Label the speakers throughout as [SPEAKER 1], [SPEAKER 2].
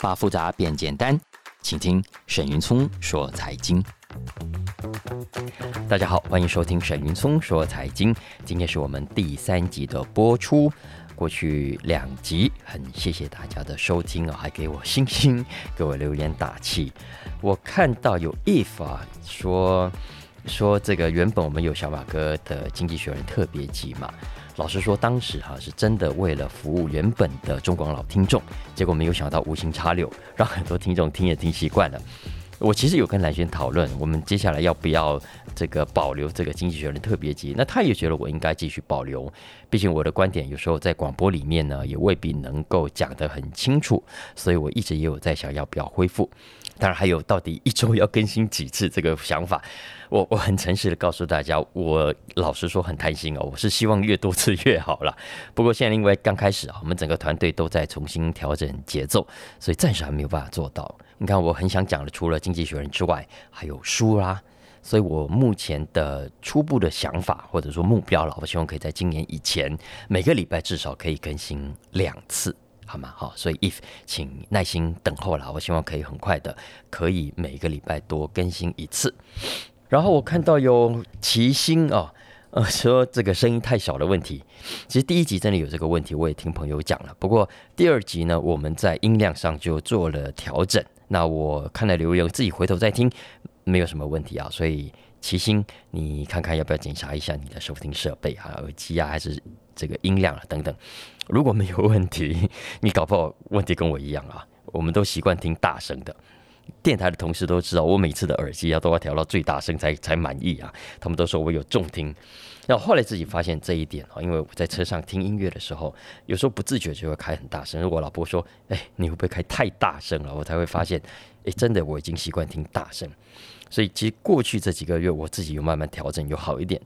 [SPEAKER 1] 把複雜變簡單，請聽沈雲聰說財經。大家好，歡迎收聽沈雲聰說財經。今天是我們第三集的播出，過去兩集很謝謝大家的收聽啊，還給我星星，給我留言打氣。我看到有 if 啊說說這個原本我們有小馬哥的經濟學人特別集嘛。老實說，當時哈是真的為了服務原本的中廣老聽眾，結果沒有想到無心插柳，讓很多聽眾聽也聽習慣了。我其實有跟藍軒討論，我們接下來要不要這個保留這個《經濟學人》特別集？那他也覺得我應該繼續保留，畢竟我的觀點有時候在廣播裡面呢，也未必能夠講得很清楚，所以我一直也有在想要不要恢復。當然，還有到底一周要更新幾次這個想法，我我很誠實的告訴大家，我老實說很貪心哦，我是希望越多次越好啦。不過現在因為剛開始啊，我們整個團隊都在重新調整節奏，所以暫時還沒有辦法做到。你看，我很想講的，除了經濟學人之外，還有書啦、啊，所以我目前的初步的想法或者說目標了，我希望可以在今年以前每個禮拜至少可以更新兩次。好嗎？好，所以 if 請耐心等候啦。我希望可以很快的，可以每個禮拜多更新一次。然後我看到有齊心啊，呃，說這個聲音太小的問題。其實第一集真的有這個問題，我也聽朋友講了。不過第二集呢，我們在音量上就做了調整。那我看了留言，自己回頭再聽，沒有什麼問題啊。所以齊心，你看看要不要檢查一下你的收聽設備啊、耳機啊、還是這個音量啊等等。如果沒有問題，你搞不好問題跟我一樣啊！我們都習慣聽大聲的，電台的同事都知道，我每次的耳機要都要調到最大聲才才滿意啊！他們都說我有重聽，那後，後來自己發現這一點啊，哦，因為我在車上聽音樂的時候，有時候不自覺就會開很大聲。如果老婆說：“哎，你會不會開太大聲了？”我才會發現，哎，真的我已經習慣聽大聲，所以其實過去這幾個月我自己有慢慢調整，有好一點，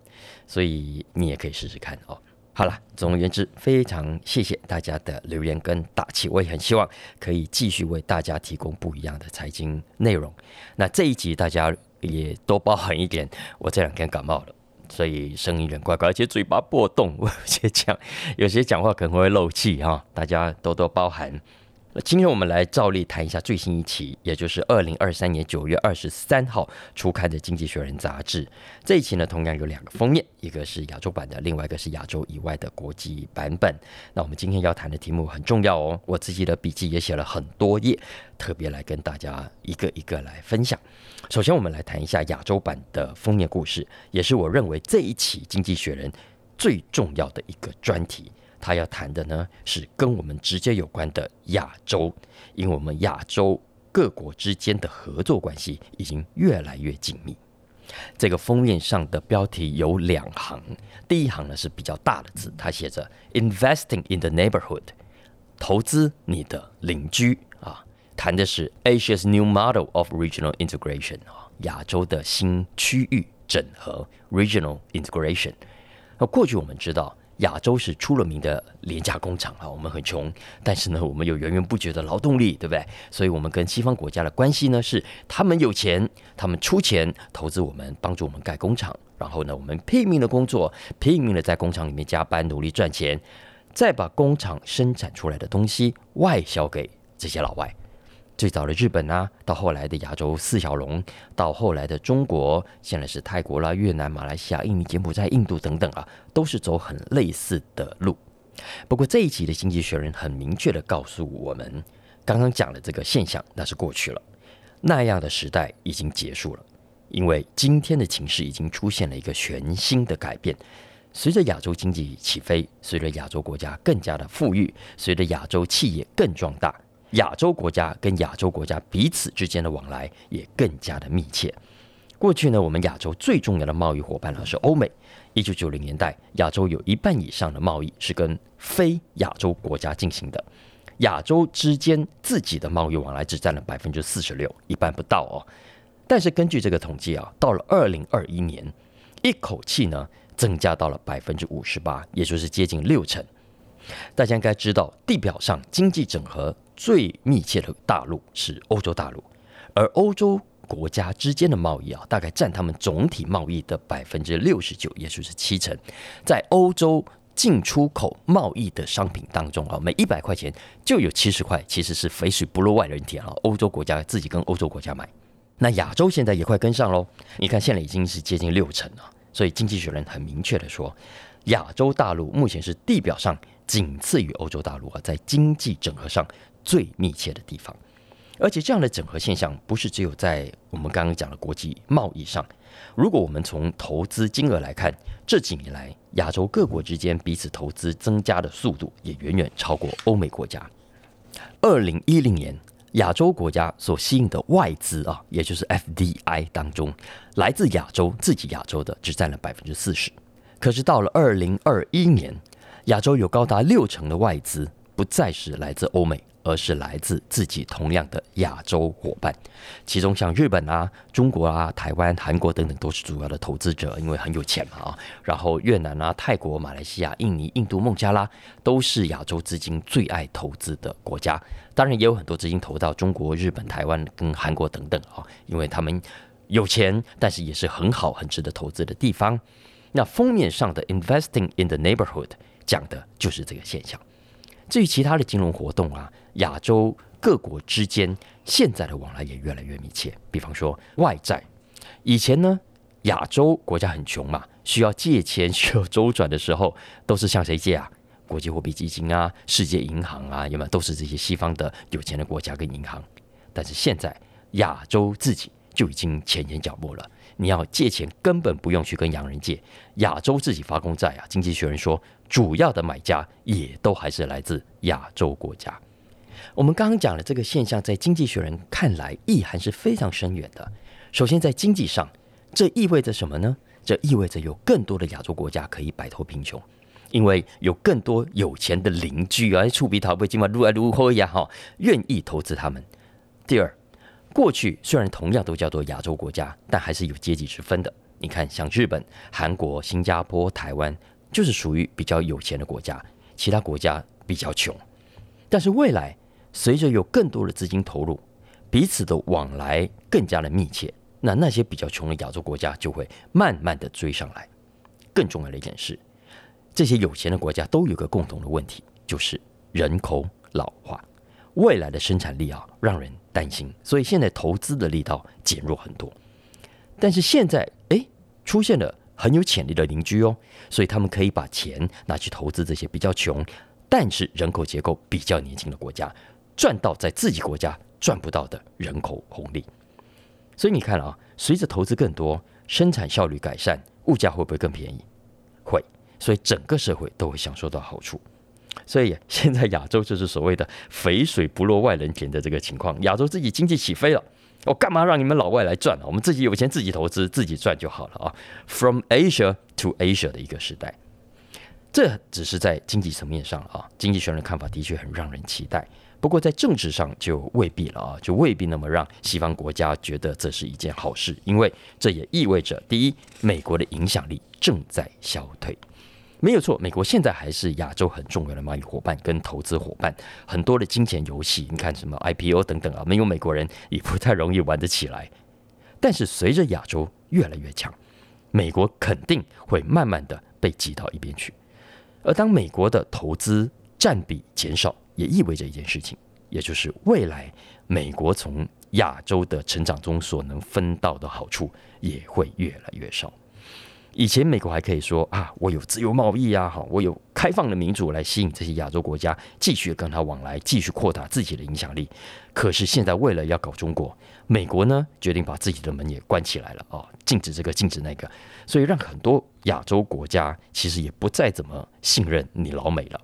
[SPEAKER 1] 所以你也可以試試看哦。好了，總而言之，非常謝謝大家的留言跟打氣，我也很希望可以繼續為大家提供不一樣的財經內容。那這一集大家也多包涵一點，我這兩天感冒了，所以聲音有點怪怪，而且嘴巴破洞，我有些講，有些講話可能會漏氣哈，大家多多包涵。那今天我們來照例談一下最新一期，也就是二零二三年九月二十三號出刊的《經濟學人》雜誌。這一期呢，同樣有兩個封面，一個是亞洲版的，另外一個是亞洲以外的國際版本。那我們今天要談的題目很重要哦，我自己的筆記也寫了很多頁，特別來跟大家一個一個來分享。首先，我們來談一下亞洲版的封面故事，也是我認為這一期《經濟學人》最重要的一個專題。他要談的呢，是跟我們直接有關的亞洲，因為我們亞洲各國之間的合作關係已經越來越緊密。這個封面上的標題有兩行，第一行呢，是比較大的字，它寫着 “Investing in the neighborhood”，投資你的鄰居啊，談的是 Asia's new model of regional integration 啊，亞洲的新區域整合 （Regional Integration）。那過去我們知道。亞洲是出了名的廉價工廠啊，我們很窮，但是呢，我們有源源不絕的勞動力，對不對？所以，我們跟西方國家的關係呢，是他們有錢，他們出錢投資我們，幫助我們蓋工廠，然後呢，我們拼命的工作，拼命的在工廠裡面加班，努力賺錢，再把工廠生產出來的東西外銷給這些老外。最早的日本啊，到後來的亞洲四小龍，到後來的中國，現在是泰國啦、啊、越南、馬來西亞、印尼、柬埔寨、印度等等啊，都是走很類似的路。不過這一集的《經濟學人》很明確的告訴我們，剛剛講的這個現象那是過去了，那樣的時代已經結束了，因為今天的情勢已經出現了一個全新的改變。隨着亞洲經濟起飛，隨着亞洲國家更加的富裕，隨着亞洲企業更壯大。亞洲國家跟亞洲國家彼此之間的往來也更加的密切。過去呢，我們亞洲最重要的貿易夥伴呢是歐美。一九九零年代，亞洲有一半以上的貿易是跟非亞洲國家進行的，亞洲之間自己的貿易往來只佔了百分之四十六，一半不到哦。但是根據這個統計啊，到了二零二一年，一口氣呢增加到了百分之五十八，也就是接近六成。大家應該知道，地表上經濟整合。最密切的大陸是歐洲大陸，而歐洲國家之間的貿易啊，大概占他們總體貿易的百分之六十九，也就是七成。在歐洲進出口貿易的商品當中啊，每一百塊錢就有七十塊，其實是肥水不流外人田啊。歐洲國家自己跟歐洲國家買，那亞洲現在也快跟上嘍。你看，現在已經是接近六成了。所以，經濟學人很明確的說，亞洲大陸目前是地表上僅次於歐洲大陸啊，在經濟整合上。最密切的地方，而且這樣的整合現象不是只有在我們剛剛講的國際貿易上。如果我們從投資金額來看，這幾年來亞洲各國之間彼此投資增加的速度也遠遠超過歐美國家。二零一零年，亞洲國家所吸引的外資啊，也就是 FDI 當中，來自亞洲自己亞洲的只佔了百分之四十。可是到了二零二一年，亞洲有高達六成的外資不再是來自歐美。而是來自自己同樣的亞洲夥伴，其中像日本啊、中國啊、台灣、韓國等等都是主要的投資者，因為很有錢嘛啊。然後越南啊、泰國、馬來西亞、印尼、印度、孟加拉都是亞洲資金最愛投資的國家。當然，也有很多資金投到中國、日本、台灣跟韓國等等啊，因為他們有錢，但是也是很好、很值得投資的地方。那封面上的《Investing in the Neighborhood》講的就是這個現象。至於其他的金融活動啊，亞洲各國之間現在的往來也越來越密切。比方說外債，以前呢，亞洲國家很窮嘛，需要借錢、需要周轉的時候，都是向誰借啊？國際貨幣基金啊、世界銀行啊，要麼都是這些西方的有錢的國家跟銀行。但是現在亞洲自己就已經前言腳末了，你要借錢根本不用去跟洋人借，亞洲自己發公債啊。《經濟學人》說，主要的買家也都還是來自亞洲國家。我們剛剛講的這個現象，在經濟學人看來，意涵是非常深遠的。首先，在經濟上，這意味着什麼呢？這意味着有更多的亞洲國家可以擺脫貧窮，因為有更多有錢的鄰居啊，厝邊頭尾嘛，擼啊，擼喝一願意投資他們。第二，過去雖然同樣都叫做亞洲國家，但還是有階級之分的。你看，像日本、韓國、新加坡、台灣，就是屬於比較有錢的國家，其他國家比較窮。但是未來，隨着有更多的資金投入，彼此的往來更加的密切，那那些比較窮的亞洲國家就會慢慢的追上來。更重要的一點是，這些有錢的國家都有個共同的問題，就是人口老化，未來的生產力啊讓人擔心，所以現在投資的力道減弱很多。但是現在，誒出現了很有潛力的鄰居哦，所以他們可以把錢拿去投資這些比較窮，但是人口結構比較年輕的國家。賺到在自己國家賺不到的人口紅利，所以你看啊，隨着投資更多，生產效率改善，物價會不會更便宜？會，所以整個社會都會享受到好處。所以現在亞洲就是所謂的“肥水不落外人田”的這個情況，亞洲自己經濟起飛了，我、哦、幹嘛讓你們老外來賺啊？我們自己有錢，自己投資，自己賺就好了啊！From Asia to Asia 的一個時代，這只是在經濟層面上啊，經濟學人的看法的確很讓人期待。不過在政治上就未必了啊，就未必那麼讓西方國家覺得這是一件好事，因為這也意味着，第一，美國的影響力正在消退。沒有錯，美國現在還是亞洲很重要的貿易夥伴跟投資夥伴，很多的金錢遊戲，你看什麼 IPO 等等啊，沒有美國人也不太容易玩得起來。但是隨着亞洲越來越強，美國肯定會慢慢的被擠到一邊去，而當美國的投資占比減少。也意味着一件事情，也就是未來美國從亞洲的成長中所能分到的好處也會越來越少。以前美國還可以說啊，我有自由貿易啊，好，我有開放的民主來吸引這些亞洲國家繼續跟他往來，繼續擴大自己的影響力。可是現在為了要搞中國，美國呢決定把自己的門也關起來了啊，禁止這個，禁止那個，所以讓很多亞洲國家其實也不再怎麼信任你老美了。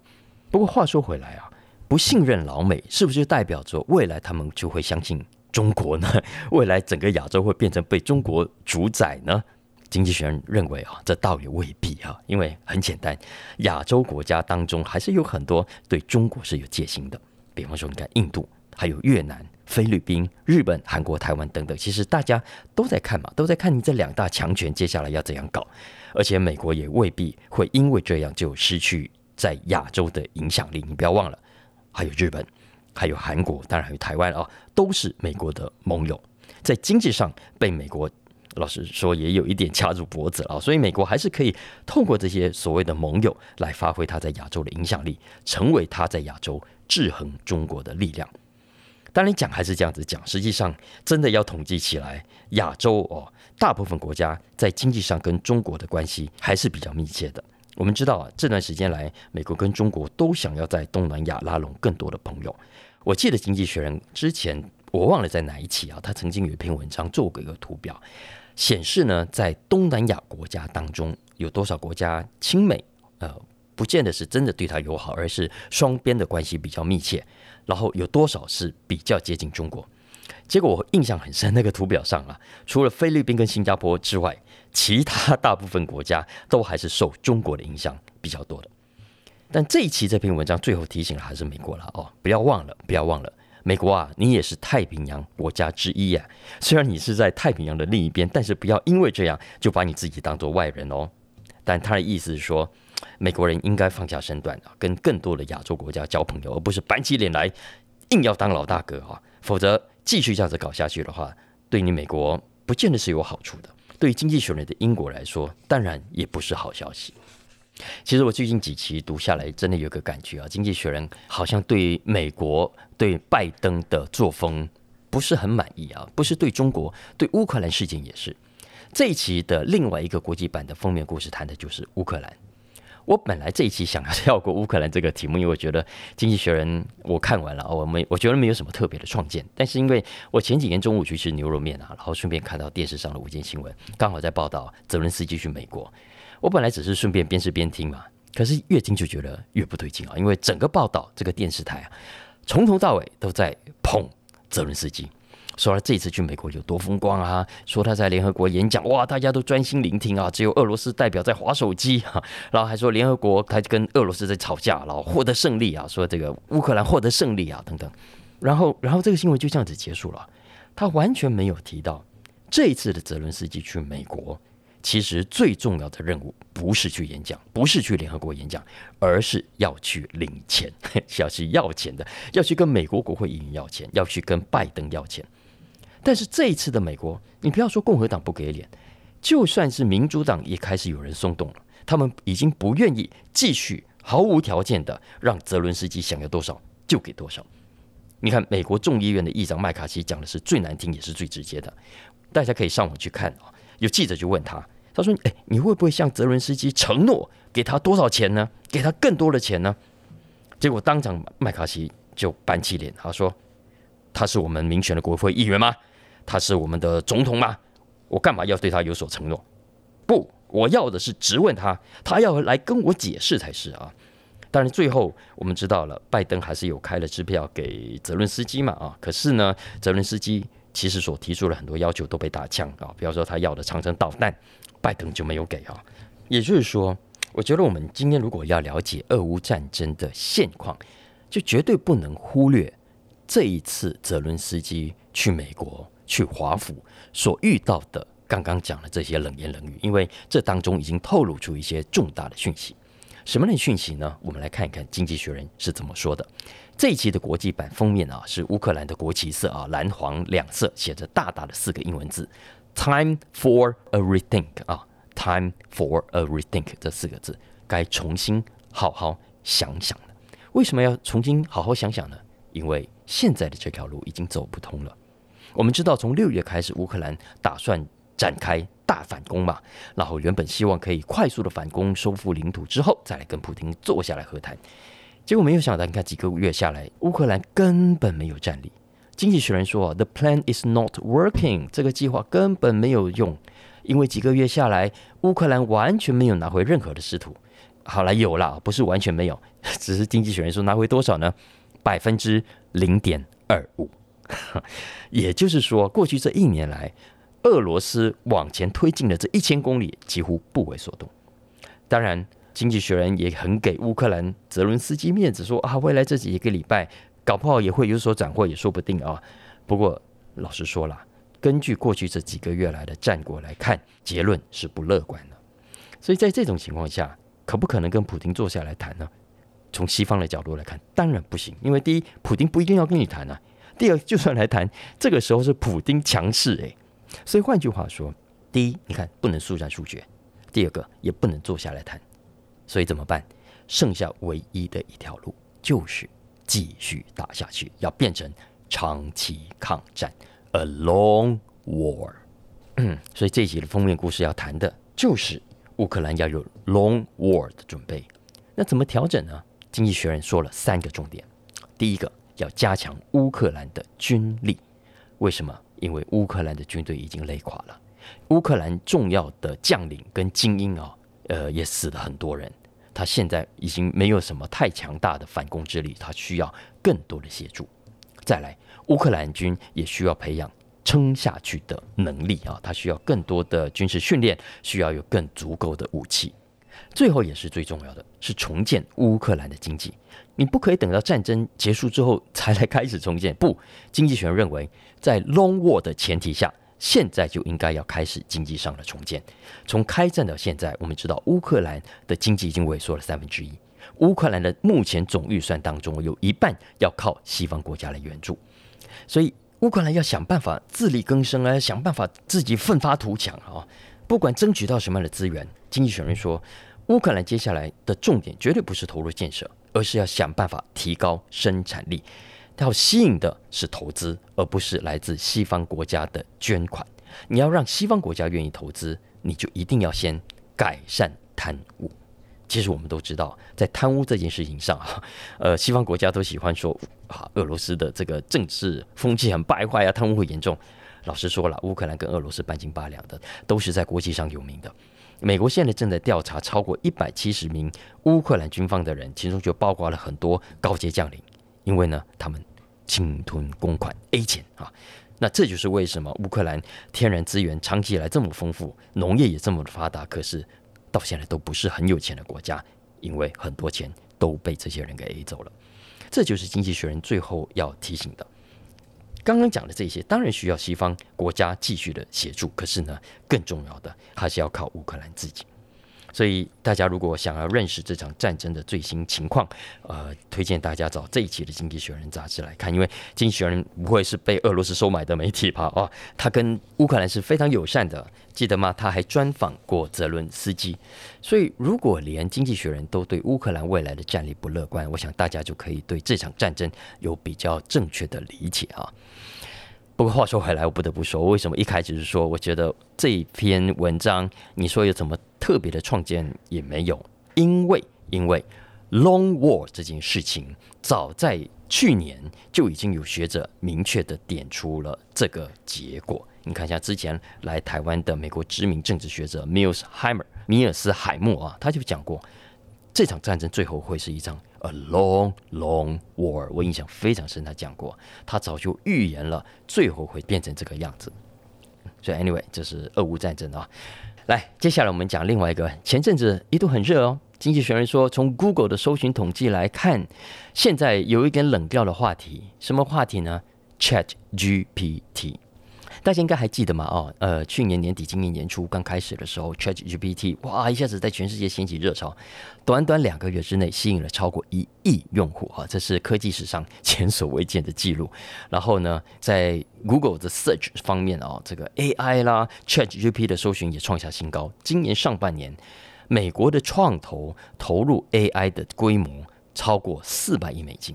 [SPEAKER 1] 不過話說回來啊。不信任老美，是不是代表着未來他們就會相信中國呢？未來整個亞洲會變成被中國主宰呢？經濟學人認為啊，這倒也未必啊，因為很簡單，亞洲國家當中還是有很多對中國是有戒心的。比方說，你看印度、還有越南、菲律賓、日本、韓國、台灣等等，其實大家都在看嘛，都在看你這兩大強權接下來要怎樣搞。而且美國也未必會因為這樣就失去在亞洲的影響力。你不要忘了，還有日本，還有韓國，當然還有台灣啊，都是美國的盟友，在經濟上被美國，老實說也有一點掐住脖子了。所以美國還是可以透過這些所謂的盟友來發揮他在亞洲的影響力，成為他在亞洲制衡中國的力量。當然講還是這樣子講，實際上真的要統計起來，亞洲哦，大部分國家在經濟上跟中國的關係還是比較密切的。我們知道啊，這段時間來，美國跟中國都想要在東南亞拉攏更多的朋友。我記得《經濟學人》之前我忘了在哪一期啊，他曾經有一篇文章做過一個圖表，顯示呢，在東南亞國家當中，有多少國家親美，呃，不見得是真的對他友好，而是雙邊的關係比較密切。然後有多少是比較接近中國？結果我印象很深，那個圖表上啊，除了菲律賓跟新加坡之外。其他大部分國家都還是受中國的影響比較多的，但這一期這篇文章最後提醒的還是美國了哦，不要忘了，不要忘了，美國啊，你也是太平洋國家之一呀，啊。雖然你是在太平洋的另一邊，但是不要因為這樣就把你自己當做外人哦。但他的意思是說，美國人應該放下身段，跟更多的亞洲國家交朋友，而不是板起臉來硬要當老大哥啊。否則繼續這樣子搞下去的話，對你美國不見得是有好處的。對於《經濟學人》的英國來說，當然也不是好消息。其實我最近幾期讀下來，真的有個感覺啊，《經濟學人》好像對美國、對拜登的作風不是很滿意啊，不是對中國、對烏克蘭事件也是。這一期的另外一個國際版的封面故事，談的就是烏克蘭。我本來這一期想要跳過烏克蘭這個題目，因為我覺得《經濟學人》我看完了，我沒我覺得沒有什麼特別的創見。但是因為我前幾天中午去吃牛肉麵啊，然後順便看到電視上的午間新聞，剛好在報道澤倫斯基去美國。我本來只是順便邊吃邊聽嘛，可是越聽就覺得越不對勁啊，因為整個報道這個電視台啊，從頭到尾都在捧澤倫斯基。說他這次去美國有多風光啊，說他在聯合國演講，哇，大家都專心聆聽啊，只有俄羅斯代表在滑手機哈、啊。然後還說聯合國，他跟俄羅斯在吵架，然後獲得勝利啊，說這個烏克蘭獲得勝利啊等等。然後，然後這個新聞就這樣子結束了。他完全沒有提到這一次的澤倫斯基去美國，其實最重要的任務不是去演講，不是去聯合國演講，而是要去領錢，嘿，是要去要錢的，要去跟美國國會議員要錢，要去跟拜登要錢。但是這一次的美國，你不要說共和黨不給臉，就算是民主黨也開始有人鬆動了。他們已經不願意繼續毫無條件的讓澤倫斯基想要多少就給多少。你看，美國眾議院的議長麥卡錫講的是最難聽也是最直接的，大家可以上網去看啊。有記者就問他，他說：“哎，你會不會向澤倫斯基承諾給他多少錢呢？給他更多的錢呢？”結果當場麥卡錫就板起臉，他說，他是我們民選的國會議員嗎？他是我們的總統嗎？我幹嘛要對他有所承諾？不，我要的是質問他，他要來跟我解釋才是啊。當然，最後我們知道了，拜登還是有開了支票給澤倫斯基嘛啊。可是呢，澤倫斯基其實所提出了很多要求都被打槍啊，比方說他要的長程導彈，拜登就沒有給啊。也就是說，我覺得我們今天如果要了解俄烏戰爭的現況，就絕對不能忽略。這一次，澤倫斯基去美國、去華府所遇到的，剛剛講的這些冷言冷語，因為這當中已經透露出一些重大的訊息。什麼樣的訊息呢？我們來看一看《經濟學人》是怎麼說的。這一期的國際版封面啊，是烏克蘭的國旗色啊，藍黃兩色，寫着大大的四個英文字：“Time for a rethink” 啊，“Time for a rethink” 這四個字，該重新好好想想。為什麼要重新好好想想呢？因為現在的這條路已經走不通了。我們知道，從六月開始，烏克蘭打算展開大反攻嘛，然後原本希望可以快速的反攻，收復領土之後，再來跟普京坐下來和談。結果沒有想到，你看幾個月下來，烏克蘭根本沒有戰力。經濟學人說：“The plan is not working，這個計劃根本沒有用，因為幾個月下來，烏克蘭完全沒有拿回任何的失土。好啦，有啦，不是完全沒有，只是經濟學人說拿回多少呢？”百分之零點二五， 也就是說，過去這一年來，俄羅斯往前推進的這一千公里幾乎不為所動。當然，經濟學人也很給烏克蘭澤倫斯基面子說，說啊，未來這幾個禮拜，搞不好也會有所斬獲，也說不定啊。不過，老實說了，根據過去這幾個月來的戰果來看，結論是不樂觀的。所以在這種情況下，可不可能跟普丁坐下來談呢？從西方的角度來看，當然不行，因為第一，普丁不一定要跟你談啊；第二，就算來談，這個時候是普丁強勢誒，所以換句話說，第一，你看不能速戰速決；第二個，也不能坐下來談。所以怎麼辦？剩下唯一的一條路就是繼續打下去，要變成長期抗戰，a long war。 所以這一集的封面故事要談的就是烏克蘭要有 long war 的準備。那怎麼調整呢？《經濟學人》說了三個重點，第一個要加強烏克蘭的軍力。為什麼？因為烏克蘭的軍隊已經累垮了，烏克蘭重要的將領跟精英啊，呃，也死了很多人。他現在已經沒有什麼太強大的反攻之力，他需要更多的協助。再來，烏克蘭軍也需要培養撐下去的能力啊，他需要更多的軍事訓練，需要有更足夠的武器。最後也是最重要的，是重建烏克蘭的經濟。你不可以等到戰爭結束之後才來開始重建。不，經濟學家認為，在 long war 的前提下，現在就應該要開始經濟上的重建。從開戰到現在，我們知道烏克蘭的經濟已經萎縮了三分之一。烏克蘭的目前總預算當中，有一半要靠西方國家來援助。所以，烏克蘭要想辦法自力更生啊，想辦法自己奮發圖強啊。不管爭取到什麼樣的資源，經濟學人說，烏克蘭接下來的重點絕對不是投入建設，而是要想辦法提高生產力。它要吸引的是投資，而不是來自西方國家的捐款。你要讓西方國家願意投資，你就一定要先改善貪污。其實我們都知道，在貪污這件事情上啊，呃，西方國家都喜歡說啊，俄羅斯的這個政治風氣很敗壞啊，貪污很嚴重。老實說啦，烏克蘭跟俄羅斯半斤八兩的，都是在國際上有名的。美國現在正在調查超過一百七十名烏克蘭軍方的人，其中就包括了很多高級將領，因為呢，他們侵吞公款 A 錢啊。那這就是為什麼烏克蘭天然資源長期以來這麼豐富，農業也這麼發達，可是到現在都不是很有錢的國家，因為很多錢都被這些人給 A 走了。這就是《經濟學人》最後要提醒的。剛剛講的這些，當然需要西方國家繼續的協助，可是呢，更重要的還是要靠烏克蘭自己。所以大家如果想要認識這場戰爭的最新情況，呃，推薦大家找這一期的《經濟學人》雜誌來看，因為《經濟學人》不會是被俄羅斯收買的媒體吧？哦，他跟烏克蘭是非常友善的，記得嗎？他還專訪過澤倫斯基。所以如果連《經濟學人》都對烏克蘭未來的戰力不樂觀，我想大家就可以對這場戰爭有比較正確的理解啊。不過話說回來，我不得不說，為什麼一開始是說，我覺得這一篇文章，你說又怎麼？特別的創建也沒有，因為因為 long war 這件事情，早在去年就已經有學者明確的點出了這個結果。你看一下之前來台灣的美國知名政治學者 Mearsheimer 米爾斯海默啊，他就講過，這場戰爭最後會是一場 a long long war。我印象非常深，他講過，他早就預言了，最後會變成這個樣子。所、so、以 anyway 這是俄烏戰爭啊。來，接下來我們講另外一個，前陣子一度很熱哦。經濟學人說，從 Google 的搜尋統計來看，現在有一點冷掉的話題，什麼話題呢？ChatGPT。大家應該還記得嘛？哦，呃，去年年底、今年年初剛開始的時候，ChatGPT 哇，一下子在全世界掀起熱潮，短短兩個月之內吸引了超過一億用戶啊、哦，這是科技史上前所未見的記錄。然後呢，在 Google 的 Search 方面啊、哦，這個 AI 啦，ChatGPT 的搜尋也創下新高。今年上半年，美國的創投投入 AI 的規模超過四百億美金。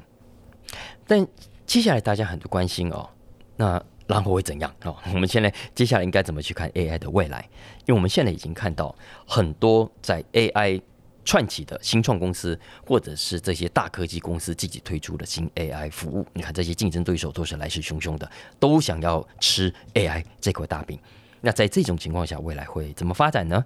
[SPEAKER 1] 但接下來大家很多關心哦，那。然後會怎樣啊、哦？我們現在接下來應該怎麼去看 AI 的未來？因為我們現在已經看到很多在 AI 串起的新創公司，或者是這些大科技公司積極推出的新 AI 服務。你看，這些競爭對手都是來勢洶洶的，都想要吃 AI 這塊大餅。那在這種情況下，未來會怎麼發展呢？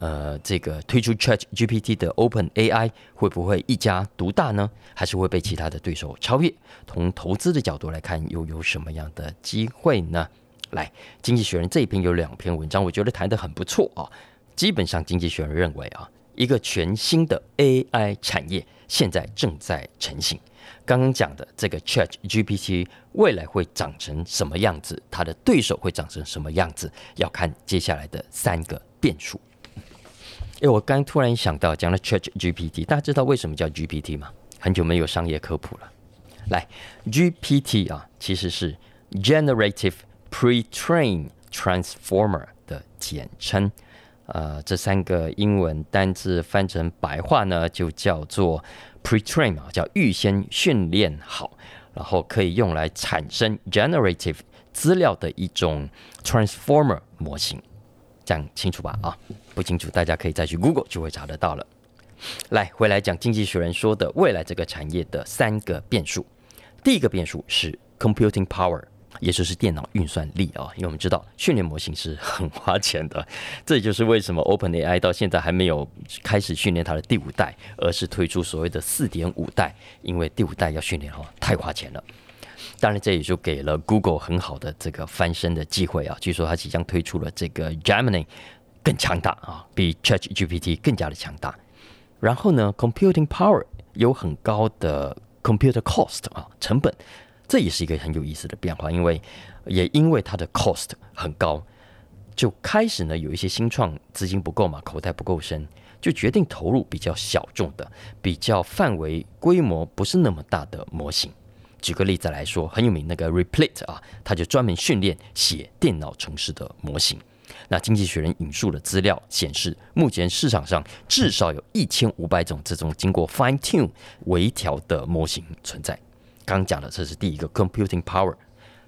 [SPEAKER 1] 呃，這個推出 Chat GPT 的 Open AI 會不會一家獨大呢？還是會被其他的對手超越？從投資的角度來看，又有什麼樣的機會呢？來，《經濟學人》這一篇有兩篇文章，我覺得談得很不錯啊。基本上，《經濟學人》認為啊，一個全新的 AI 產業現在正在成型。剛剛講的這個 Chat GPT 未來會長成什麼樣子，它的對手會長成什麼樣子，要看接下來的三個變數。誒，我剛突然想到，講了 ChatGPT，大家知道為什麼叫 GPT 嗎？很久沒有商業科普了。來，GPT 啊，其實是 Generative Pre-trained Transformer 的簡稱。呃，這三個英文單字翻成白話呢，就叫做 Pre-trained，叫預先訓練好，然後可以用來產生 Generative 資料的一種 Transformer 模型。講清楚吧，啊。不清楚，大家可以再去 Google 就會查得到了。來，回來講《經濟學人》說的未來這個產業的三個變數。第一個變數是 computing power，也就是電腦運算力啊。因為我們知道訓練模型是很花錢的，這就是為什麼 OpenAI 到現在還沒有開始訓練它的第五代，而是推出所謂的四點五代，因為第五代要訓練的話太花錢了。當然，這也就給了 Google 很好的這個翻身的機會啊。據說它即將推出了這個 Gemini。更強大啊，比 ChatGPT 更加的強大。然後呢，computing power 有很高的 computer cost 啊，成本，這也是一個很有意思的變化。因為也因為它的 cost 很高，就開始呢有一些新創資金不夠嘛，口袋不夠深，就決定投入比較小眾的、比較範圍規模不是那麼大的模型。舉個例子來說，很有名那個 Replit 啊，它就專門訓練寫電腦程式的模型。那《經濟學人》引述的資料顯示，目前市場上至少有一千五百種這種經過 Fine-Tune 微調的模型存在。剛講了，這是第一個 Computing Power，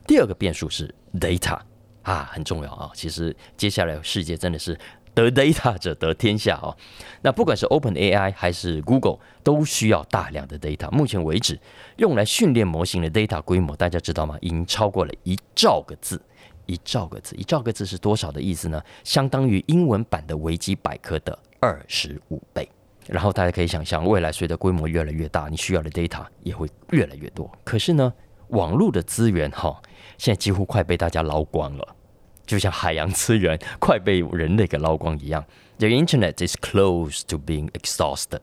[SPEAKER 1] 第二個變數是 Data 啊，很重要啊。其實接下來世界真的是得 Data 者得天下啊。那不管是 OpenAI 還是 Google，都需要大量的 Data。目前為止，用來訓練模型的 Data 規模，大家知道嗎？已經超過了一兆個字。一兆個字，一兆個字是多少的意思呢？相當於英文版的維基百科的二十五倍。然後大家可以想象，未來隨着規模越來越大，你需要的 data 也會越來越多。可是呢，網絡的資源哈，現在幾乎快被大家撈光了，就像海洋資源快被人類給撈光一樣。The Internet is close to being exhausted。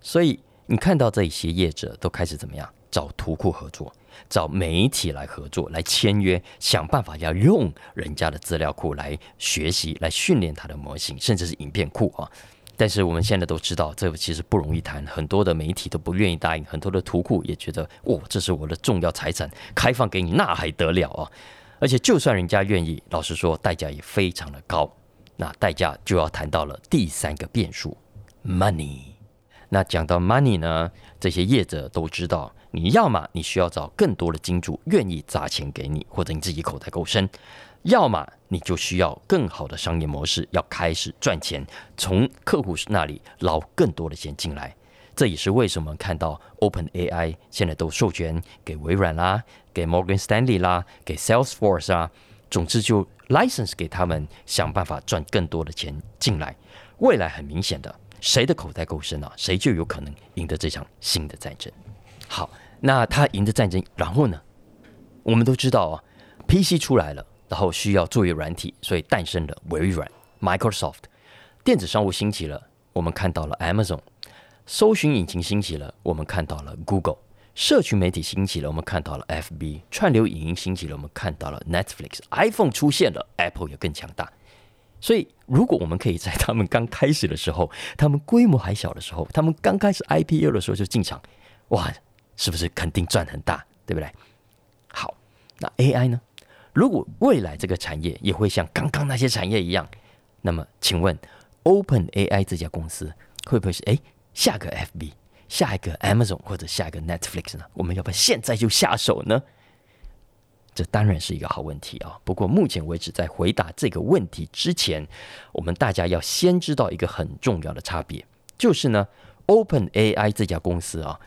[SPEAKER 1] 所以你看到這一些業者都開始怎麼樣？找圖庫合作。找媒體來合作、來簽約，想辦法要用人家的資料庫來學習、來訓練它的模型，甚至是影片庫啊。但是我們現在都知道，這其實不容易談。很多的媒體都不願意答應，很多的圖庫也覺得，哇，這是我的重要財產，開放給你那還得了啊！而且，就算人家願意，老實說，代價也非常的高。那代價就要談到了第三個變數 ——money。那講到 money 呢，這些業者都知道。你要麼你需要找更多的金主，願意砸錢給你，或者你自己口袋夠深；要麼你就需要更好的商業模式，要開始賺錢，從客戶那裡撈更多的錢進來。這也是為什麼看到 OpenAI 現在都授權給微軟啦，給 Morgan Stanley 啦，給 Salesforce 啊，總之就 license 給他們，想辦法賺更多的錢進來。未來很明顯的，誰的口袋夠深啊，誰就有可能贏得這場新的戰爭。好。那他贏得戰爭，然後呢？我們都知道啊，哦，PC 出來了，然後需要作業軟體，所以誕生了微軟 （Microsoft）。電子商務興起了，我們看到了 Amazon；搜尋引擎興起了，我們看到了 Google；社群媒體興起了，我們看到了 FB；串流影音興起了，我們看到了 Netflix。iPhone 出現了，Apple 也更強大。所以，如果我們可以在他們剛開始的時候，他們規模還小的時候，他們剛開始 IPO 的時候就進場，哇！是不是肯定賺很大，對不對？好，那 AI 呢？如果未來這個產業也會像剛剛那些產業一樣，那麼請問 OpenAI 這家公司會不會是哎，下個 FB，下一個 Amazon 或者下一個 Netflix 呢？我們要不要現在就下手呢？這當然是一個好問題啊、哦。不過目前為止，在回答這個問題之前，我們大家要先知道一個很重要的差別，就是呢，OpenAI 這家公司啊、哦。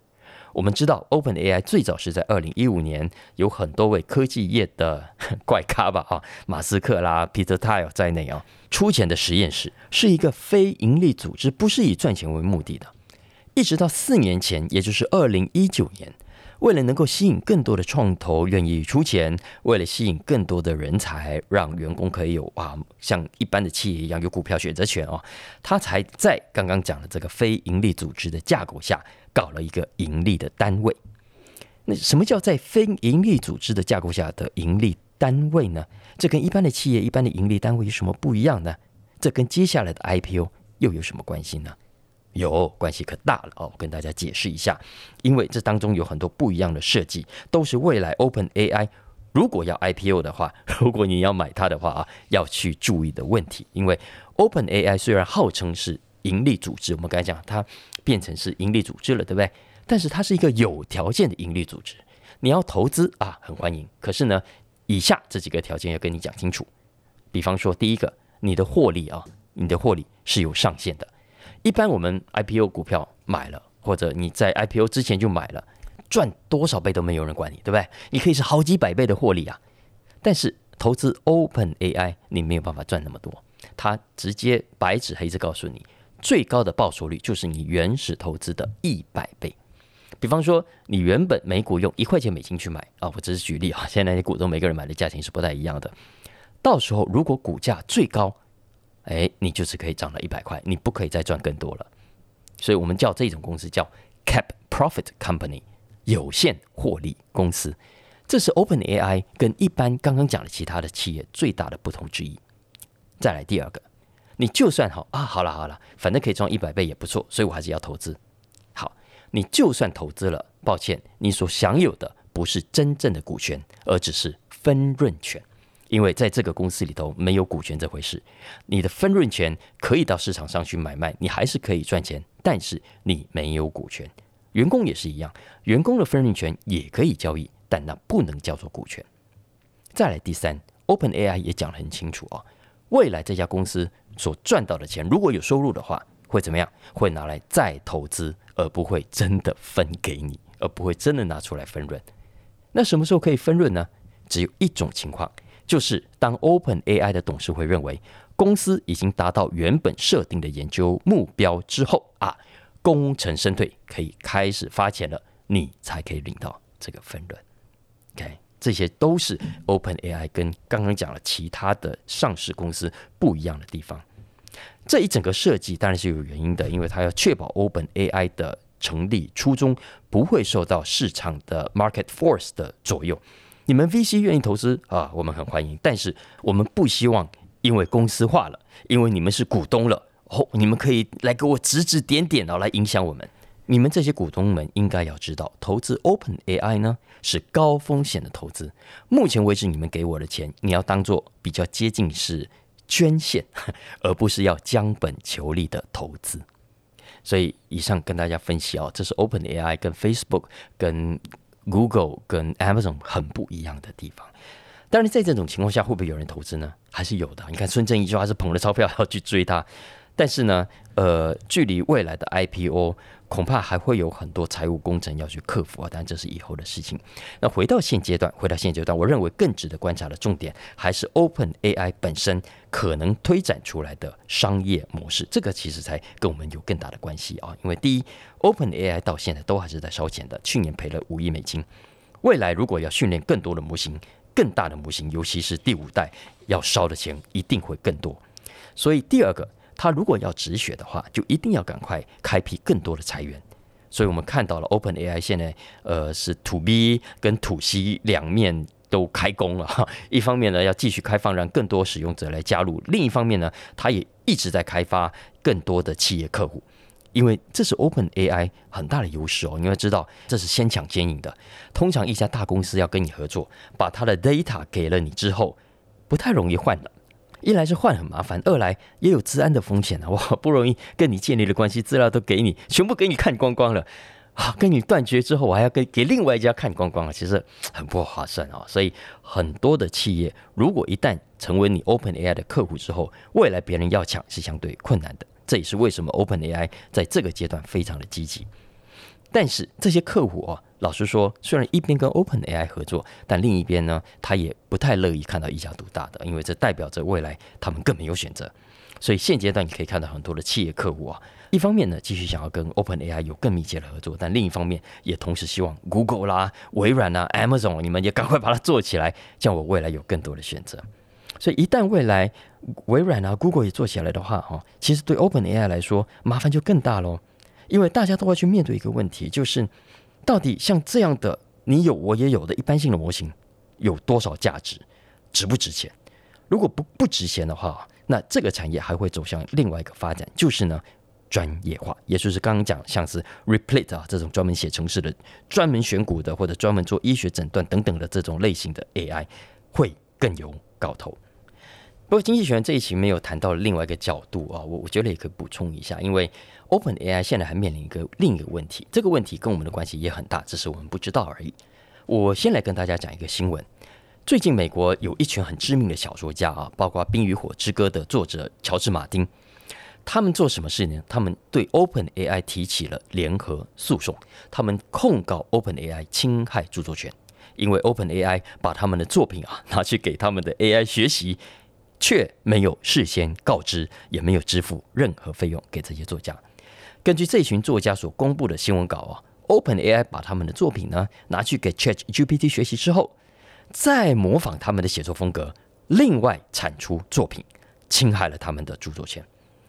[SPEAKER 1] 我們知道，OpenAI 最早是在二零一五年，有很多位科技業的呵呵怪咖吧，哈，馬斯克啦、Peter Thiel 在內啊、哦，出錢的實驗室是一個非盈利組織，不是以賺錢為目的的。一直到四年前，也就是二零一九年，為了能夠吸引更多的創投願意出錢，為了吸引更多的人才，讓員工可以有啊，像一般的企業一樣有股票選擇權哦，他才在剛剛講的這個非盈利組織的架構下。搞了一個盈利的單位，那什麼叫在非盈利組織的架構下的盈利單位呢？這跟一般的企業、一般的盈利單位有什麼不一樣呢？這跟接下來的 IPO 又有什麼關係呢？有關係可大了哦！我跟大家解釋一下，因為這當中有很多不一樣的設計，都是未來 OpenAI 如果要 IPO 的話，如果你要買它的話啊，要去注意的問題。因為 OpenAI 雖然號稱是盈利組織，我們剛才講它。變成是盈利組織了，對不對？但是它是一個有條件的盈利組織，你要投資啊，很歡迎。可是呢，以下這幾個條件要跟你講清楚。比方說，第一個，你的獲利啊，你的獲利是有上限的。一般我們 IPO 股票買了，或者你在 IPO 之前就買了，賺多少倍都沒有人管你，對不對？你可以是好幾百倍的獲利啊，但是投資 OpenAI，你沒有辦法賺那麼多。它直接白紙黑字告訴你。最高的報酬率就是你原始投資的一百倍。比方說，你原本每股用一塊錢美金去買啊、哦，我只是舉例啊，現在你股東每個人買的價錢是不太一樣的。到時候如果股價最高，誒、欸，你就是可以漲到一百塊，你不可以再賺更多了。所以我們叫這種公司叫 Cap Profit Company 有限獲利公司。這是 OpenAI 跟一般剛剛講的其他的企業最大的不同之一。再來第二個。你就算好啊，好了好了，反正可以賺一百倍也不錯，所以我還是要投資。好，你就算投資了，抱歉，你所享有的不是真正的股權，而只是分潤權，因為在這個公司裡頭沒有股權這回事。你的分潤權可以到市場上去買賣，你還是可以賺錢，但是你沒有股權。員工也是一樣，員工的分潤權也可以交易，但那不能叫做股權。再來第三，OpenAI 也講得很清楚啊、哦。未來這家公司所賺到的錢，如果有收入的話，會怎麼樣？會拿來再投資，而不會真的分給你，而不會真的拿出來分潤。那什麼時候可以分潤呢？只有一種情況，就是當 OpenAI 的董事會認為公司已經達到原本設定的研究目標之後啊，功成身退，可以開始發錢了，你才可以領到這個分潤。OK。這些都是 OpenAI 跟剛剛講了其他的上市公司不一樣的地方。這一整個設計當然是有原因的，因為它要確保 OpenAI 的成立初衷不會受到市場的 market force 的左右。你們 VC 願意投資啊，我們很歡迎，但是我們不希望因為公司化了，因為你們是股東了哦，你們可以來給我指指點點哦，來影響我們。你們這些股東們應該要知道，投資 OpenAI 呢是高風險的投資。目前為止，你們給我的錢，你要當做比較接近是捐獻，而不是要將本求利的投資。所以，以上跟大家分析哦，這是 OpenAI 跟 Facebook、跟 Google、跟 Amazon 很不一樣的地方。當然，在這種情況下，會不會有人投資呢？還是有的啊。你看，孫正義就還是捧着鈔票要去追它，但是呢，呃，距離未來的 IPO。恐怕還會有很多財務工程要去克服啊，當然這是以後的事情。那回到現階段，回到現階段，我認為更值得觀察的重點還是 OpenAI 本身可能推展出來的商業模式，這個其實才跟我們有更大的關係啊。因為第一，OpenAI 到現在都還是在燒錢的，去年賠了五億美金。未來如果要訓練更多的模型、更大的模型，尤其是第五代，要燒的錢一定會更多。所以第二個。他如果要止血的話，就一定要趕快開闢更多的財源。所以我們看到了 Open AI 現在呃是 to B 跟 to C 兩面都開工了。一方面呢，要繼續開放，讓更多使用者來加入；另一方面呢，它也一直在開發更多的企業客戶，因為這是 Open AI 很大的優勢哦。你要知道，這是先搶先贏的。通常一家大公司要跟你合作，把它的 data 給了你之後，不太容易換了。一來是換很麻煩，二來也有資安的風險啊！哇，不容易跟你建立了關係，資料都給你，全部給你看光光了好，啊，跟你斷絕之後，我還要給給另外一家看光光啊，其實很不划算哦，啊。所以很多的企業，如果一旦成為你 OpenAI 的客戶之後，未來別人要搶是相對困難的。這也是為什麼 OpenAI 在這個階段非常的積極。但是這些客戶啊。老實說，雖然一邊跟 OpenAI 合作，但另一邊呢，他也不太樂意看到一家獨大的，因為這代表着未來他們更沒有選擇。所以現階段你可以看到很多的企業客戶啊，一方面呢繼續想要跟 OpenAI 有更密切的合作，但另一方面也同時希望 Google 啦、啊、微軟啦、啊、Amazon 你們也趕快把它做起來，這樣我未來有更多的選擇。所以一旦未來微軟啊、Google 也做起來的話，哈，其實對 OpenAI 來說麻煩就更大嘍，因為大家都會去面對一個問題，就是。到底像這樣的你有我也有的一般性的模型有多少價值，值不值錢？如果不不值錢的話，那這個產業還會走向另外一個發展，就是呢專業化，也就是剛剛講像是 Replit 啊這種專門寫程式的、專門選股的或者專門做醫學診斷等等的這種類型的 AI 會更有搞頭。不過經濟學人這一期沒有談到另外一個角度啊，我我覺得也可以補充一下，因為。Open AI 現在還面臨一個另一個問題，這個問題跟我們的關係也很大，只是我們不知道而已。我先來跟大家講一個新聞：最近美國有一群很知名的小說家啊，包括《冰與火之歌》的作者喬治·馬丁，他們做什麼事呢？他們對 Open AI 提起了聯合訴訟，他們控告 Open AI 侵害著作權，因為 Open AI 把他們的作品啊拿去給他們的 AI 學習，卻沒有事先告知，也沒有支付任何費用給這些作家。根據這群作家所公布的新聞稿啊，OpenAI 把他們的作品呢拿去給 ChatGPT 學習之後，再模仿他們的寫作風格，另外產出作品，侵害了他們的著作權。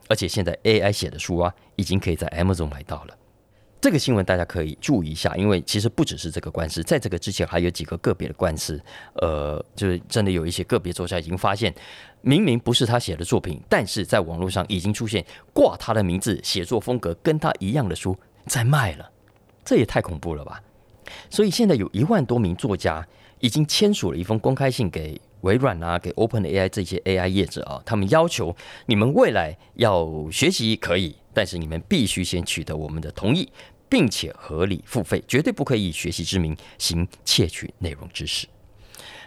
[SPEAKER 1] 而且現在 AI 寫的書啊，已經可以在 Amazon 買到了。這個新聞大家可以注意一下，因為其實不只是這個官司，在這個之前還有幾個個別的官司，呃，就是真的有一些個別作家已經發現，明明不是他寫的作品，但是在網絡上已經出現掛他的名字、寫作風格跟他一樣的書在賣了，這也太恐怖了吧！所以現在有一萬多名作家已經簽署了一封公開信給微軟啊，給 OpenAI 這些 AI 業者啊，他們要求你們未來要學習可以，但是你們必須先取得我們的同意。並且合理付費，絕對不可以以學習之名行竊取內容之實。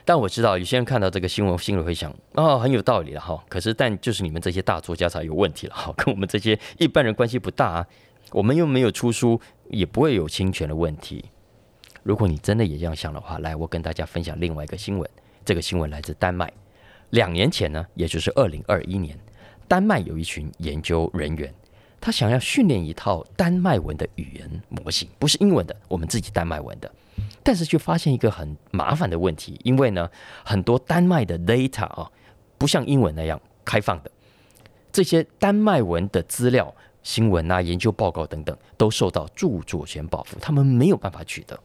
[SPEAKER 1] 但我知道有些人看到這個新聞，心裡會想：哦，很有道理了哈。可是，但就是你們這些大作家才有問題了哈，跟我們這些一般人關係不大啊。我們又沒有出書，也不會有侵權的問題。如果你真的也這樣想的話，來，我跟大家分享另外一個新聞。這個新聞來自丹麥。兩年前呢，也就是二零二一年，丹麥有一群研究人員。他想要訓練一套丹麥文的語言模型，不是英文的，我們自己丹麥文的。但是卻發現一個很麻煩的問題，因為呢，很多丹麥的 data 啊，不像英文那樣開放的，這些丹麥文的資料、新聞啊、研究報告等等，都受到著作權保護，他們沒有辦法取得。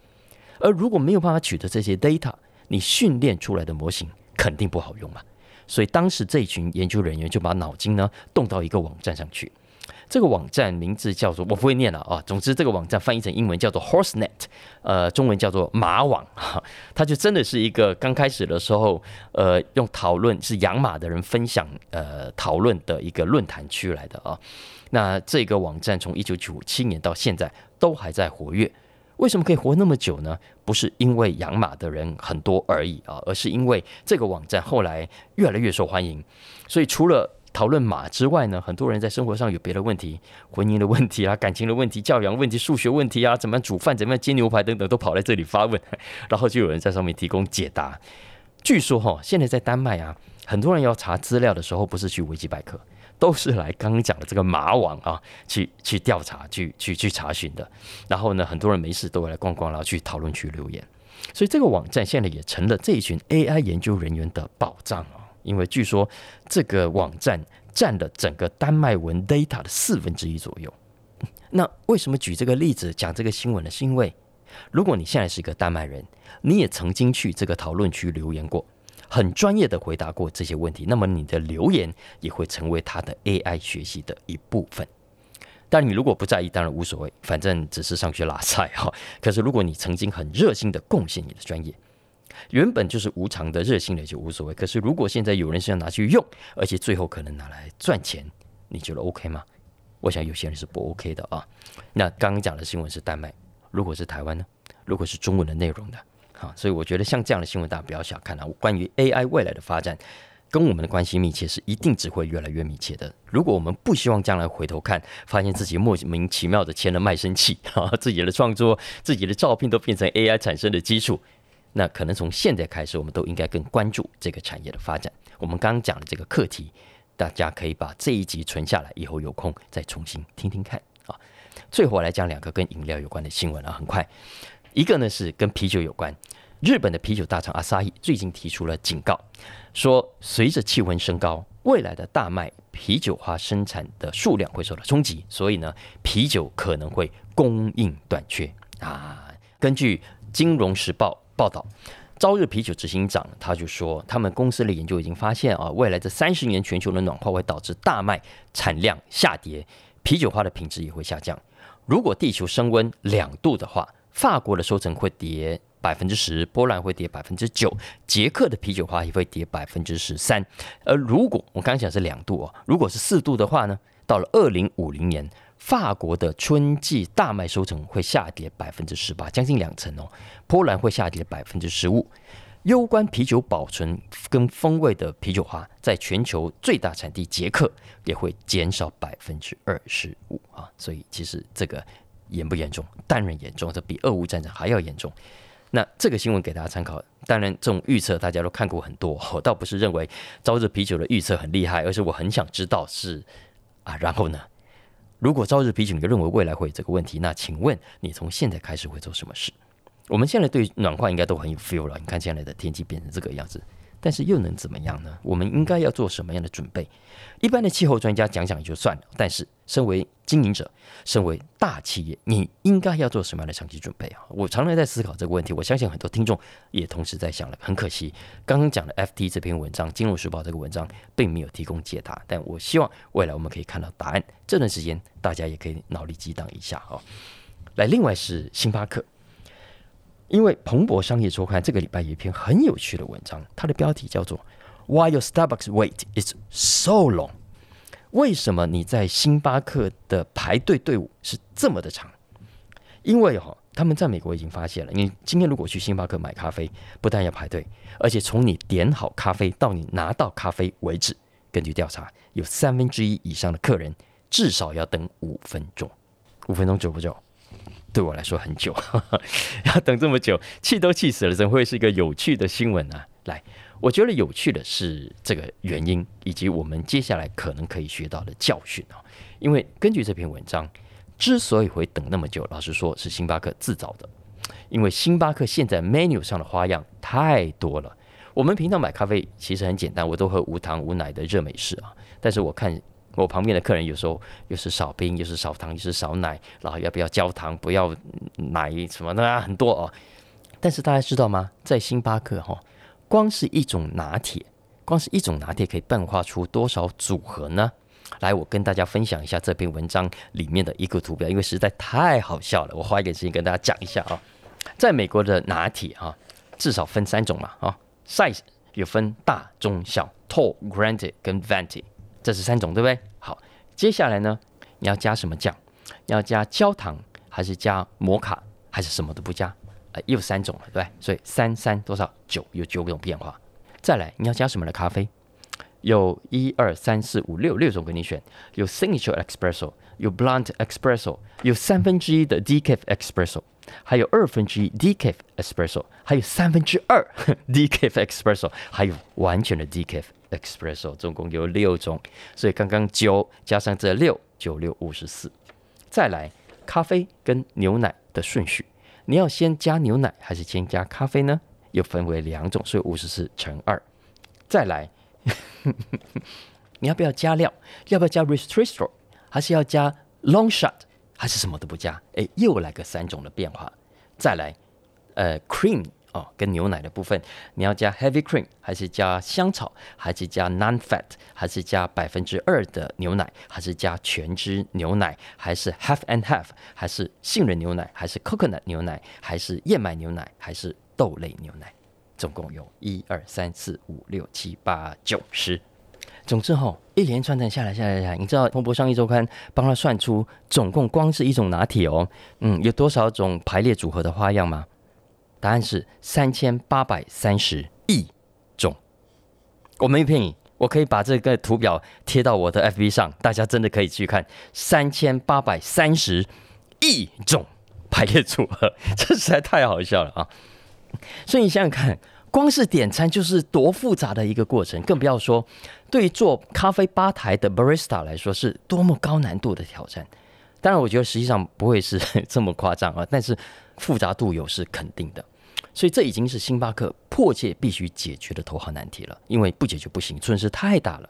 [SPEAKER 1] 而如果沒有辦法取得這些 data，你訓練出來的模型肯定不好用嘛。所以當時這一群研究人員就把腦筋呢動到一個網站上去。這個網站名字叫做我不會念了啊，總之這個網站翻譯成英文叫做 HorseNet，呃，中文叫做馬網，哈，它就真的是一個剛開始的時候，呃，用討論是養馬的人分享呃討論的一個論壇區來的啊。那這個網站從一九九七年到現在都還在活躍，為什麼可以活那麼久呢？不是因為養馬的人很多而已啊，而是因為這個網站後來越來越受歡迎，所以除了討論馬之外呢，很多人在生活上有別的問題，婚姻的問題啊，感情的問題，教養問題，數學問題啊，怎麼樣煮飯，怎麼樣煎牛排等等，都跑來這裡發問，然後就有人在上面提供解答。據說哈、哦，現在在丹麥啊，很多人要查資料的時候，不是去維基百科，都是來剛剛講的這個馬網啊，去去調查，去去去查詢的。然後呢，很多人沒事都會來逛逛，然後去討論區留言。所以這個網站現在也成了這一群 AI 研究人員的寶藏。因為據說這個網站占了整個丹麥文 data 的四分之一左右。那為什麼舉這個例子講這個新聞呢？是因為如果你現在是一個丹麥人，你也曾經去這個討論區留言過，很專業的回答過這些問題，那麼你的留言也會成為他的 AI 學習的一部分。但你如果不在意，當然無所謂，反正只是上去拉菜哈。可是如果你曾經很熱心的貢獻你的專業。原本就是無償的，熱心的，就無所謂。可是如果現在有人是要拿去用，而且最後可能拿來賺錢，你覺得 OK 嗎？我想有些人是不 OK 的啊。那剛剛講的新聞是丹麥，如果是台灣呢？如果是中文的內容的啊？所以我覺得像這樣的新聞，大家不要小看啊。關於 AI 未來的發展，跟我們的關係密切，是一定只會越來越密切的。如果我們不希望將來回頭看，發現自己莫名其妙的簽了賣身契，啊，自己的創作、自己的照片都變成 AI 產生的基礎。那可能從現在開始，我們都應該更關注這個產業的發展。我們剛剛講的這個課題，大家可以把這一集存下來，以後有空再重新聽聽看啊。最後我來講兩個跟飲料有關的新聞啊。很快，一個呢是跟啤酒有關，日本的啤酒大廠朝日最近提出了警告，說隨着氣溫升高，未來的大麥啤酒花生產的數量會受到衝擊，所以呢，啤酒可能會供應短缺啊。根據《金融時報》。報道，朝日啤酒執行長他就說，他們公司的研究已經發現啊，未來這三十年全球的暖化會導致大麥產量下跌，啤酒花的品質也會下降。如果地球升溫兩度的話，法國的收成會跌百分之十，波蘭會跌百分之九，捷克的啤酒花也會跌百分之十三。而如果我剛才講是兩度哦，如果是四度的話呢，到了二零五零年。法國的春季大麥收成會下跌百分之十八，將近兩成哦。波蘭會下跌百分之十五。攸關啤酒保存跟風味的啤酒花，啊，在全球最大產地捷克也會減少百分之二十五啊。所以其實這個嚴不嚴重？當然嚴重，這比俄烏戰爭還要嚴重。那這個新聞給大家參考。當然，這種預測大家都看過很多，我倒不是認為招着啤酒的預測很厲害，而是我很想知道是啊，然後呢？如果朝日啤酒，你認為未來會有這個問題？那請問你從現在開始會做什麼事？我們現在對暖化應該都很有 feel 了。你看現在的天氣變成這個樣子。但是又能怎麼樣呢？我們應該要做什麼樣的準備？一般的氣候專家講講也就算了，但是身為經營者，身為大企業，你應該要做什麼樣的長期準備啊？我常常在思考這個問題，我相信很多聽眾也同時在想了。很可惜，剛剛講的 FT 這篇文章、金融時報這個文章並沒有提供解答，但我希望未來我們可以看到答案。這段時間大家也可以腦力激盪一下啊！來，另外是星巴克。因為《彭博商業週刊》這個禮拜有一篇很有趣的文章，它的標題叫做 "Why your Starbucks wait is so long"，為什麼你在星巴克的排隊隊伍是這麼的長？因為哈、哦，他們在美國已經發現了，你今天如果去星巴克買咖啡，不但要排隊，而且從你點好咖啡到你拿到咖啡為止，根據調查，有三分之一以上的客人至少要等五分鐘。五分鐘久不久？對我來說很久， 要等這麼久，氣都氣死了，怎麼會是一個有趣的新聞呢、啊？來，我覺得有趣的是這個原因，以及我們接下來可能可以學到的教訓啊。因為根據這篇文章，之所以會等那麼久，老實說，是星巴克自找的。因為星巴克現在 menu 上的花樣太多了。我們平常買咖啡其實很簡單，我都喝無糖無奶的熱美式啊。但是我看，我旁邊的客人有時候又是少冰，又是少糖，又是少奶，然後要不要焦糖，不要奶，什麼的、啊，的很多哦。但是大家知道嗎？在星巴克哈、哦，光是一種拿鐵，光是一種拿鐵可以變化出多少組合呢？來，我跟大家分享一下這篇文章裡面的一個圖表，因為實在太好笑了。我花一點時間跟大家講一下啊、哦。在美國的拿鐵啊、哦，至少分三種嘛啊、哦、，size 有分大、中、小，tall、grande 跟 venti 這是三種，對不對？好，接下來呢，你要加什麼醬？你要加焦糖，還是加摩卡，還是什麼都不加？呃，又三種了，對不對？所以三三多少？九，9, 有九種變化。再來，你要加什麼的咖啡？有一、二、三、四、五、六六種給你選，有 signature espresso，有 blonde espresso，有三分之一的 decaf espresso，還有二分之一 decaf espresso，還有三分之二 decaf espresso，還有完全的 decaf espresso，總共有六種。所以剛剛九加上這六，九六五十四。再來，咖啡跟牛奶的順序，你要先加牛奶還是先加咖啡呢？又分為兩種，所以五十四乘二。再來。 你要不要加料？要不要加 ristretto？還是要加 long shot？還是什麼都不加？哎，又來個三種的變化。再來，呃，cream 哦，跟牛奶的部分，你要加 heavy cream？還是加香草？還是加 non fat？還是加百分之二的牛奶？還是加全脂牛奶？還是 half and half？還是杏仁牛奶？還是 coconut 牛奶？還是燕麥牛奶？還是豆類牛奶？總共有一二三四五六七八九十，總之吼，一連串的下來下來下來，你知道《彭博商業週刊》幫他算出總共光是一種拿鐵哦，嗯，有多少種排列組合的花樣嗎？答案是三千八百三十億種。我沒騙你，我可以把這個圖表貼到我的 FB 上，大家真的可以去看三千八百三十億種排列組合，這實在太好笑了啊！所以你想想看，光是點餐就是多複雜的一個過程，更不要說對於做咖啡吧台的 barista 來說是多麼高難度的挑戰。當然，我覺得實際上不會是這麼誇張啊，但是複雜度又是肯定的。所以這已經是星巴克迫切必須解決的頭號難題了，因為不解決不行，損失太大了。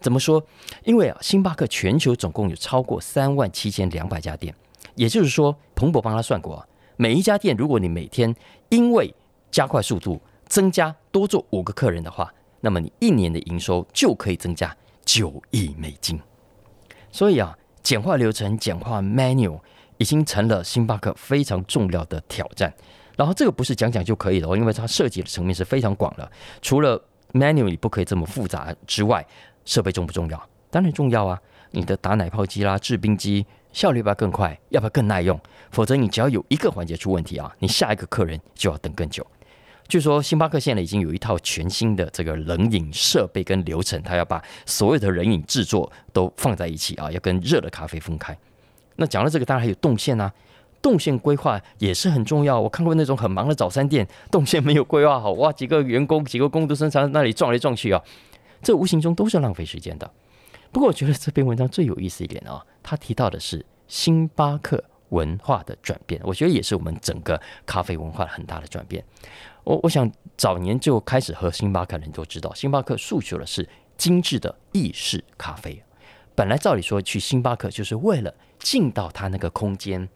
[SPEAKER 1] 怎麼說？因為啊，星巴克全球總共有超過三萬七千兩百家店，也就是說，彭博幫他算過啊，每一家店如果你每天因為加快速度、增加多做五個客人的話，那麼你一年的營收就可以增加九億美金。所以啊，簡化流程、簡化 menu 已經成了星巴克非常重要的挑戰。然後這個不是講講就可以的哦，因為它涉及的層面是非常廣的。除了 menu 你不可以這麼複雜之外，設備重不重要？當然重要啊！你的打奶泡機啦、製冰機。效率要不要更快？要不要更耐用？否則你只要有一個環節出問題啊，你下一個客人就要等更久。據說星巴克現在已經有一套全新的這個冷飲設備跟流程，它要把所有的冷飲製作都放在一起啊，要跟熱的咖啡分開。那講了這個，當然還有動線啊，動線規劃也是很重要。我看過那種很忙的早餐店，動線沒有規劃好，哇，幾個員工幾個工讀生在那裡撞來撞去啊，這無形中都是浪費時間的。不過我覺得這篇文章最有意思一點啊、哦，他提到的是星巴克文化的轉變，我覺得也是我們整個咖啡文化很大的轉變。我我想早年就開始喝星巴克的人都知道，星巴克訴求的是精致的意式咖啡。本來照理說，去星巴克就是為了進到他那個空間，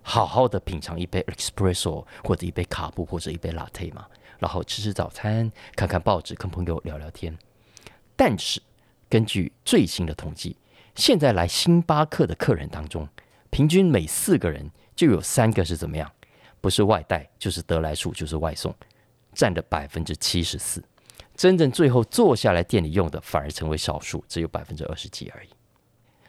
[SPEAKER 1] 好好的品嘗一杯 espresso 或者一杯卡布或者一杯 Latte 嘛，然後吃吃早餐，看看報紙，跟朋友聊聊天。但是根據最新的統計，現在來星巴克的客人當中，平均每四個人就有三個是怎麼樣？不是外帶，就是得來速，就是外送，佔了百分之七十四。真正最後坐下來店裡用的，反而成為少數，只有百分之二十幾而已。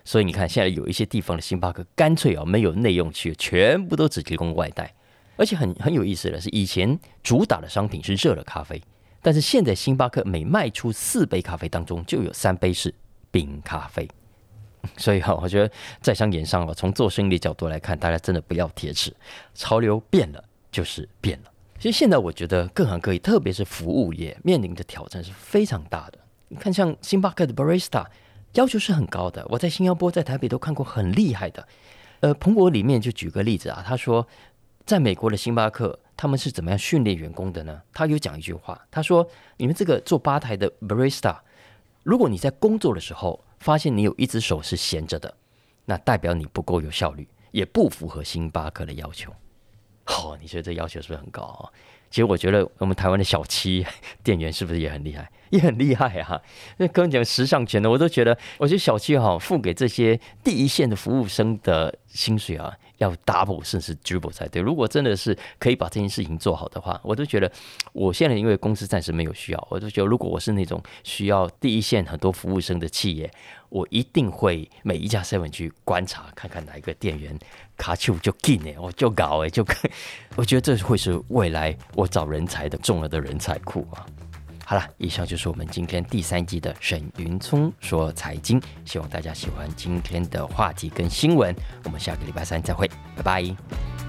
[SPEAKER 1] 所以你看，現在有一些地方的星巴克乾脆啊沒有內用區，全部都只提供外帶，而且很很有意思的是以前主打的商品是熱的咖啡。但是現在，星巴克每賣出四杯咖啡當中，就有三杯是冰咖啡。所以哈、啊，我覺得在商言商啊，從做生意的角度來看，大家真的不要鐵齒，潮流變了就是變了。其實，現在我覺得各行各業，特別是服務業，面臨的挑戰是非常大的。你看，像星巴克的 barista 要求是很高的，我在新加坡、在台北都看過很厲害的。呃，彭博裡面就舉個例子啊，他說在美國的星巴克。他們是怎麼樣訓練員工的呢？他有講一句話，他說：“你們這個做吧台的 barista，如果你在工作的時候發現你有一隻手是閒着的，那代表你不夠有效率，也不符合星巴克的要求。”哦，好，你覺得這要求是不是很高啊？其實我覺得我們台灣的小七店員是不是也很厲害？也很厲害哈、啊！那跟你講時尚圈呢，我都覺得，我覺得小七哈、喔、付給這些第一線的服務生的薪水啊，要 double 甚至是 double 才對。如果真的是可以把這件事情做好的話，我都覺得，我現在因為公司暫時沒有需要，我都覺得，如果我是那種需要第一線很多服務生的企業，我一定會每一家 seven 去觀察，看看哪一個店員卡丘就近哎，我就搞誒，就、哦，我覺得這會是未來我找人才的重要的人才庫啊。好了，以上就是我們今天第三集的沈雲驄說財經，希望大家喜歡今天的話題跟新聞。我們下個禮拜三再會，拜拜。